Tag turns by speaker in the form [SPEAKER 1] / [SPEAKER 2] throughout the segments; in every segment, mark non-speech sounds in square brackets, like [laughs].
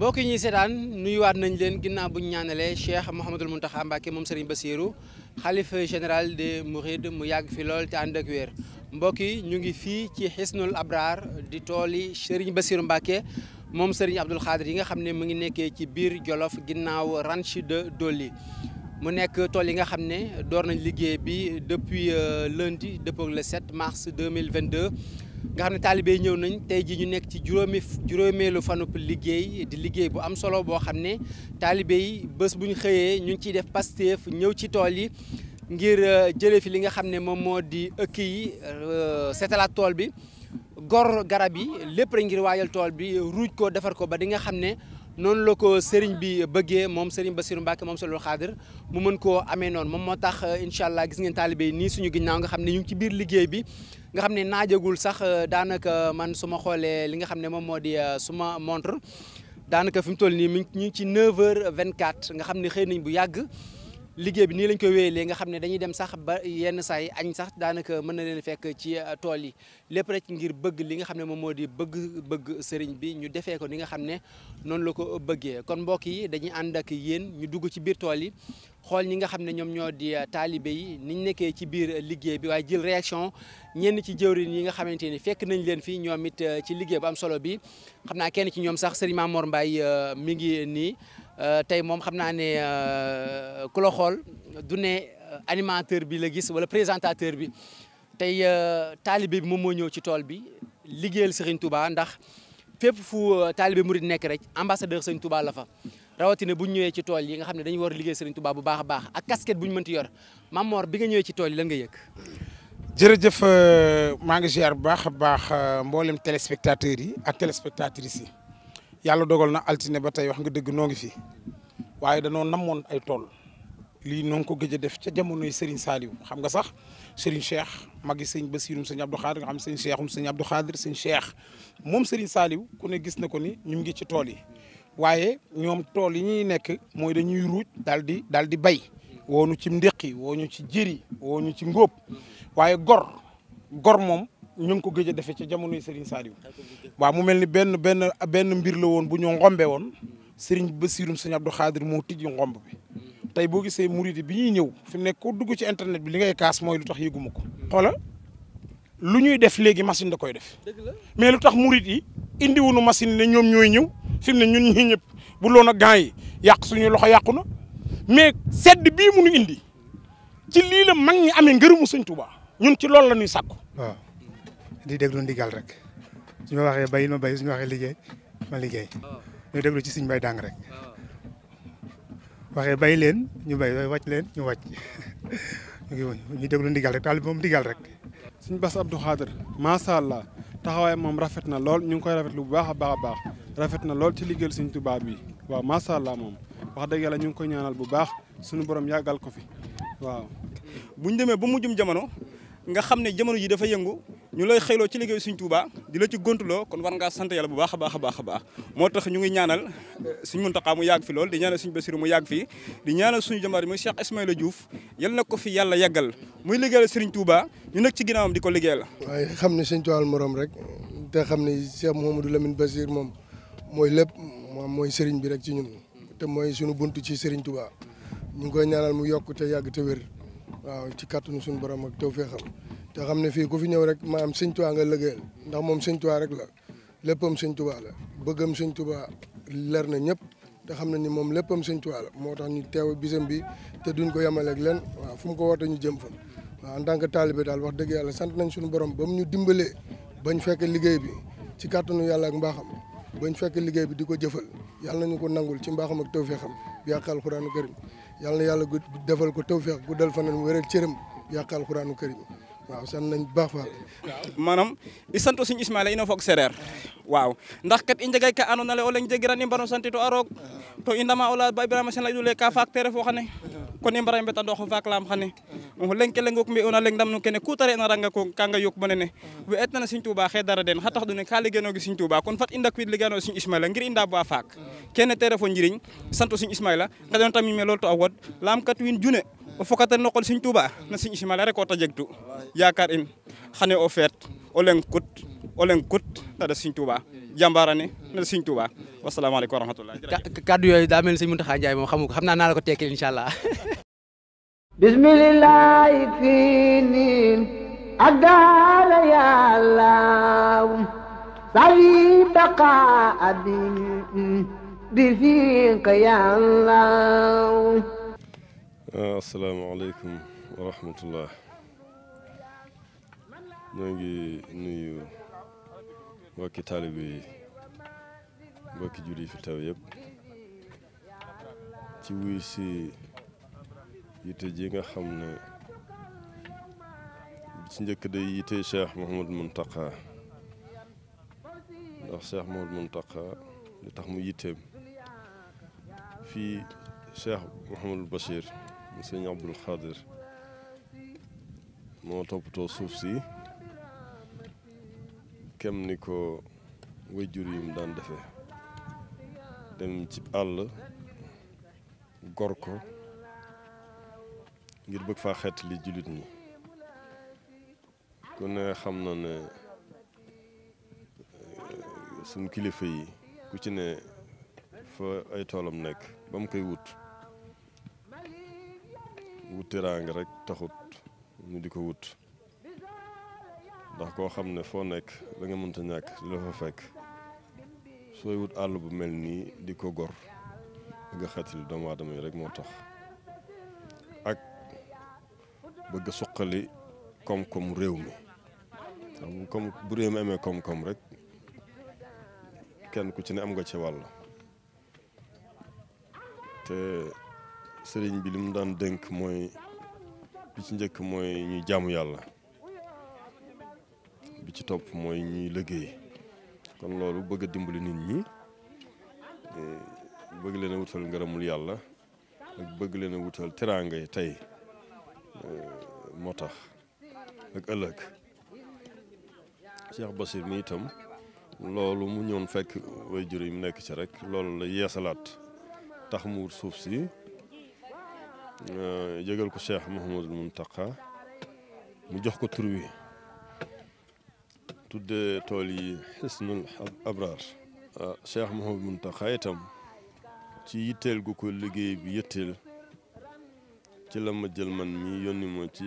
[SPEAKER 1] mbokk yi ñuy seetaan nuyuwaat nañ leen ginnaaw bu ñu ñaanalee Cheikh Mouhamadul Mountakha Mbacké moom Serigne Bassirou xalifa général des Mourides mu yàgg fi lool te ànd ak wér mbokk yi ñu ngi fii ci Hisnul Abrar di tool yi Serigne Bassirou Mbacké moom Serigne Abdoul Khadir yi nga xam ne mu ngi nekkee ci biir Jolof ginnaaw ranch de Dolly mu nekk tool yi nga xam ne door nañ liggéey bi depuis euh, lundi dëppoo le 7 mars 2022 nga xam ne taalibe ñëw nañ tey ji ñu nekk ci juróomi juróomeelu fanub liggéey di liggéey bu am solo boo xam ne taalibe yi bés bu xëyee ñu ngi ciy def Pastef ñëw ci tool yi ngir euh, jële fi li nga xam ne moom moo di ëkk yi euh, setalaat tool bi gor garab yi lépp rek ngir waajal tool bi ruuj ko defar ko ba di nga xam ne noonu la ko sëriñ bi bëggee moom sëriñ Bassirou Mbacke moom sëriñ Xaadir mu mën koo amee noonu moom moo tax euh, incha allah gis ngeen taalibe nii suñu ginnaaw nga xam ne ñu ngi ci biir liggéey bi nga xam ne naajagul sax euh, daanaka man su ma xoolee li nga xam ne moom moo di euh, suma montre daanaka fi mu toll nii mi ñu ci 9 vingt 24 nga xam ne xëy nañ bu yàgg. liggéey bi nii lañ koy wéyalee nga xam ne dañuy dem sax ba yenn sax yi añ sax daanaka mën na leen fekk ci euh, tool yi lépp rek ngir bëgg li nga xam ne moom moo di bëgg bëgg sëriñ bi ñu defee ko ni nga xam ne noonu la ko bëggee kon mbokk yi dañuy ànd ak yéen ñu dugg ci biir tool yi xool ñi nga xam ne ñoom ñoo di euh, taalibe yi niñ nekkee ci biir euh, liggéey bi waaye jël réaction ñenn ci jëwriñ yi nga xamante ni fekk nañ leen fii ñoom it ci liggéey bu am solo bi xam naa kenn ci ñoom sax sëriñ Mamour Mbaye mi ngi nii Euh, tey moom xam naa ne euh, ku la xool du ne euh, animateur bi la gis wala présentateur bi tey taalibe bi moom moo ñëw ci tool bi liggéeyal Serigne Touba ndax fépp fu mu murid nekk rek ambassadeur Serigne Touba la fa rawatina bu ñu ñëwee ci tool yi nga xam ne dañu war a liggéey Serigne Touba bu baax a baax ak casquette bu ñu mënti yor Mamor bi nga ñëwee ci tool yi la nga yëg.
[SPEAKER 2] jërëjëf maa ngi ziar bu baax a baax mboolem téléspectateurs yi ak téléspectatrices yi. yàlla dogal na altine ba tey wax nga dëgg noo ngi fi waaye danoo namoon ay tool lii noo ngi ko gëj a def ca jamonoy Serigne Saliou xam nga sax Serigne Cheikh magi sëñ Basiirum sëñ Abdou Khadir nga xam sëñ Cheikhum sëñ Abdou Khadir sëñ Cheikh moom Serigne saaliw ku ne gis na ko ni ñu ngi ci tool yi waaye ñoom tool yi ñuy nekk mooy dañuy ruuj dal di daal di bay woonu ci ndéqi wooñu ci jëri wooñu ci ngóob waaye gor gor moom ñu ngi ko gëj a defee ca yi Serigne Saliou waaw mu mel ni benn benn benn mbir la woon bu ñu ngombe woon ba Serigne Bassirou Serigne Abdou Khadir moo tijji ngomb bi tey boo gisee murid bi ñuy ñëw fi mu nekk ku dugg ci internet bi li ngay kaas mooy lu tax yëguma ko xoola lu ñuy def léegi machine da koy def mais lu tax murid yi indiwunu machine ne ñoom ñooy ñëw fim mu ne ñun ñi ñëpp bu loon a gants yi yàq suñu loxo yàqu na mais sedd bii munu indi ci lii la mag ñi amee ngërëmu sëñ Tuubaa ñun ci loolu la ñuy sàkku di déglu ndigal rek su ñu waxee bayil ma bay su waxee liggéey liggéey oh. ñu déglu ci suñu bay dàng rek oh. waxee bay leen ñu bay wàcc leen ñu wàcc [laughs] ñu déglu ndigal rek taal moom ndigal rek. suñu bas Abdou Khader macha allah taxawaay moom rafet na lool ñu ngi koy rafetlu bu baax a baax a baax rafet na lool ci liggéeyal suñ tubaab bi waaw
[SPEAKER 3] macha allah moom wax dëgg yàlla ñu ngi koy ñaanal bu baax suñu boroom yàggal ko fi waaw. bu ñu demee ba mujjum jamono nga xam ne jamono ji dafa yëngu. ñu lay xëyloo ci liggéey suñ Touba di la ci gontuloo kon war ngaa sant yàlla bu baax a baax a baax a baax moo tax ñu ngi ñaanal eh, suñ a mu yàgg fi loolu di ñaanal suñ Basiru mu yàgg fi di ñaanal suñu jàmbaar yi muy Cheikh Ismaïla Diouf yal na ko fi yàlla yàggal muy liggéeyal Serigne Touba ñu nekk ci ginnaawam di ko liggéeyal
[SPEAKER 4] waaye xam ne sëñ Touba morom rek te xam ne Cheikh Mouhamadou Lamine Basir moom mooy lépp moom mooy Serigne bi rek ci ñun te mooy suñu bunt ci Serigne Touba ñu ngi koy ñaanal mu yokk yàgg te wér waaw ci kàttanu suñu borom ak tawfeexam te xam ne fii ku fi ñëw rek maam sëñ Tuubaa nga liggéeyal ndax moom sëñ Tuubaa rek la léppam sëñ Tuubaa la bëggam sëñ Tuubaa leer na ñëpp te xam ne ni moom léppam sëñ Tuubaa la moo tax ñu teew bisam bi te duñ ko yemaleeg len waaw fu mu ko woote ñu jëm fan waaw en tant que taalibe daal wax dëgg yàlla sant nañ suñu borom ba mu ñu dimbalee ba ñu fekk liggéey bi ci kàttanu yàlla ak mbaaxam bañ fekk liggéey bi di ko jëfal yàlla nañu ko nangul ci mbaaxam ak tawféexam bi yàq alxuraanu karim yàlla na yàlla defal ko tawféex guddal fanaan wéral cëram bi yàq alxuraanu karim waaw sant nañ bu baax baax
[SPEAKER 3] manam i santo seigne ismaila ino fog sereer waaw ndax kat i njegay ka andoona yee o leŋ jegiran i mbar o santito a roog to i ndama o layaa ba ibrahima sene layu le ka faak te refo xane kon i mbara mbetandoox o faak laam xane o leŋ ke leŋook mbi'oona leŋ ndam nu kene ku ta re'na ranga ko kanga yok bo nene we eetna na seigne touba xe dara den xa tax ɗune ka liggéeyanoogi seigne touba kon fat i ndakwiid liggéeyanooyo seigne ismaila ngir i ndaab wa faak kene te refo a o fokata noqol Serigne Touba no Serigne simala rek ta jeg tu yakar in xane o feet o leng kut o leng kut tada Serigne Touba jàmbaara ne na Serigne Touba wasalaamaaleykum wa rahmatulah kaddu yooyu daa mel Serigne Mountakha moom xam naa naa la ko tekkil incha allah
[SPEAKER 4] [laughs]
[SPEAKER 5] asalaamaaleykum ah, wa rahmatullah ñoo ngi nuyu mbokki taalibe yi mbokki jur yi fi taw ci wuy si yitte ji nga xam ne ci njëkk day yitte Cheikh Mouhamadou Mountakha ndax Cheikh Mouhamadou Mountakha li tax mu yitteem fii Cheikh Mouhamadou Bachir sëñ Abdul Xaadir moo toppatoo suuf si kem ni ko wéjjur yi mu daan defee dem ci àll gor ko ngir bëgg faa xeet li jullit ñi ku ne xam na ne eh, suñ kilifa yi ku ci ne fa ay toolam nekk ba mu koy wut wut teraanga rek taxut ñu di ko wut ndax koo xam ne foo nekk da nga mënta ñàkk di la fa fekk sooy wut àll bu mel nii di ko gor bëgg a xeetali doomu aadama yi rek moo tax ak bëgg suqali koom-koom réew mi xam comme bu réew mi amee koom-koom rek kenn ku ci ne am nga ci wàll te sëriñ bi li mu daan dénk mooy bi ci njëkk mooy ñuy jaamu yàlla bi ci topp mooy ñuy liggéey kon loolu bëgg dimbali nit ñi eh, bëgg leen a wutal ngaramul yàlla ak bëgg leen a wutal teraanga yi tey eh, moo tax ak ëllëg Cheikh Bassir mi itam loolu mu ñoon fekk way jur yi mu nekk ci rek loolu la yeesalaat tax mu wut suuf si Euh, yëgal ko Cheikh Mouhamadul Mountakha mu jox ko tur wi tuddee tool yi xisnul abraar ah, Cheikh Mouhamadul Mountakha itam ci yitteel gu ko liggéey bi yitteel ci la ma jël man mi yónni ma ci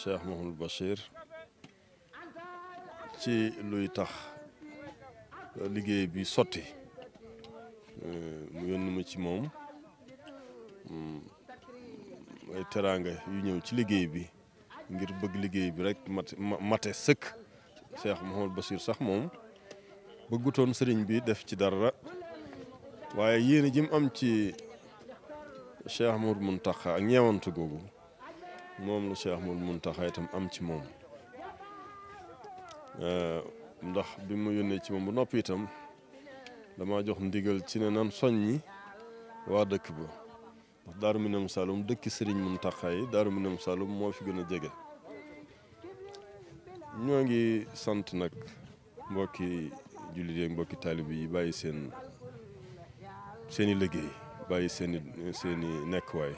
[SPEAKER 5] Cheikh Mouhamadul Bachir ci luy tax liggéey bi sotti euh, mu yónni ma ci moom hmm. ay teraanga yu ñëw ci liggéey bi ngir bëgg liggéey bi rek mat mate sëkk Cheikh Mouhamadou Bassir sax moom bëggutoon sëriñ bi def ci dara waaye yéene ji mu am ci Cheikh Mouhamadou Mountakha ak ñeewantu googu moom la Cheikh Mouhamadou Mountakha itam am ci moom ndax bi mu yónnee ci moom bu noppi itam dama jox ndigal ci ne nan soññi waa dëkk ba ndax Daaru mu Saloum dëkki Serigne Mountakha yi Daaru mu Saloum moo fi gën a jege ñoo ngi sant nag mbokki jullit yi mbokki taalib yi bàyyi seen seeni liggéey bàyyi seen i seen nekkuwaay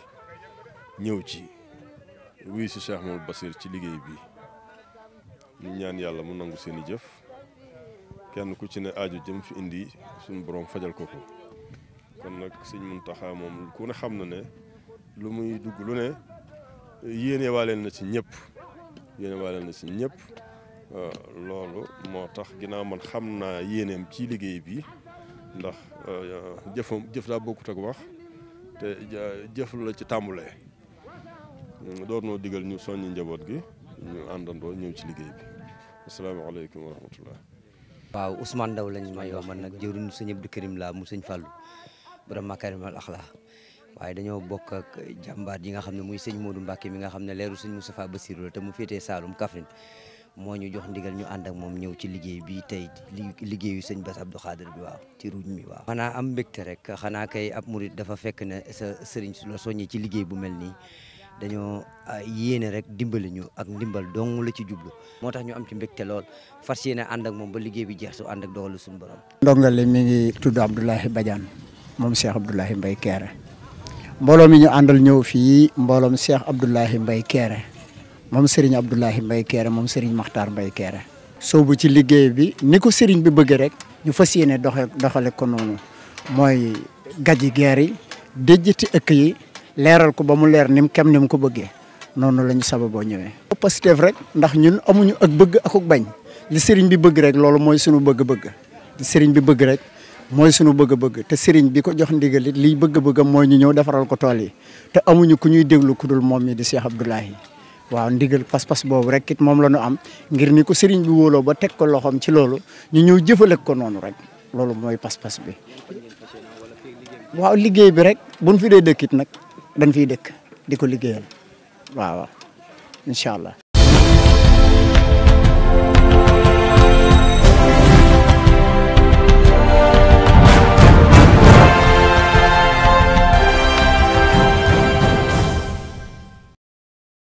[SPEAKER 5] ñëw ci wuy si Cheikh Mamadou ci liggéey bi ñu ñaan yàlla mu nangu seeni jëf kenn ku ci ne aaju jëm fi indi suñu borom fajal ko ko. kon nag sëñ Muntaxa moom ku ne xam na ne lu muy dugg lu ne yéene waaleen na ci ñëpp yéene waaleen na ci ñëpp euh, loolu moo tax ginnaaw man xam naa yéeneem ci liggéey bi ndax euh, jëfam jëf daa bokkut ak wax te jëf la ci tàmbulee door noo digal ñu soññi njaboot gi ñu àndandoo ñëw ci liggéey bi asalaamaaleykum wa rahmatullah waaw Ousmane Ndaw lañ ma yombal nag jëwriñu sëñ Abdou Karim laa mu sëñ Fallou
[SPEAKER 4] borom makaarimal axlaax waaye dañoo bokk ak ji nga xam ne muy sëñ Modou Mbacke mi nga xam ne leeru sëñ Moustapha Bassirou la te mu féetee Saalum Kaffrine moo ñu jox ndigal ñu ànd ak moom ñëw ci liggéey bi tey liggéeyu sëñ Bass Abdou Khadir bi waaw ci ruuj mi waaw. xanaa am mbégte rek xanaa kay ab murit dafa fekk ne sa sëriñ su la ci liggéey bu mel nii dañoo ah, yéene rek dimbali ñu ak ndimbal dong la ci jublu. moo tax ñu am ci mbégte lool fas yéene ànd ak moom ba liggéey bi jeex su ànd ak dogalu suñu borom. ndongole mi ngi tudd Abdoulahi Badiane moom Cheikh Abdoulahi mbay Kéré mbooloo mi ñu àndal ñëw fii mbooloom Cheikh Abdoulahi mbay Kéré moom Serigne Abdoulahi mbay Kéré moom Serigne Makhtar Mbaye Kéré soobu ci liggéey bi ni ko Serigne bi bëgg rek ñu fas yéene doxe doxale ko noonu mooy gaji geer yi déjjati ëkk yi leeral ko ba mu leer nim kem ni mu ko bëggee noonu la ñu sababoo ñëwee. positif rek ndax ñun amuñu ak bëgg akuk bañ li Serigne bi bëgg rek loolu mooy sunu bëgg-bëgg li Serigne bi bëgg rek. mooy sunu bëgg-bëgg te sëriñ bi ko jox ndigalit it liy bëgg-bëggam mooy ñu ñëw defaral ko tool yi te amuñu ku ñuy déglu ku dul moom mi di Cheikh Abdoulahi waaw ndigal pas-pas boobu rek it moom la nu am ngir ni ko sëriñ bi wóoloo ba teg ko loxoom ci loolu ñu ñëw jëfale ko noonu rek loolu mooy pas-pas bi. waaw liggéey bi rek bu buñ fi dee dëkkit nag dañ fiy dëkk di ko liggéeyal waaw incha allah.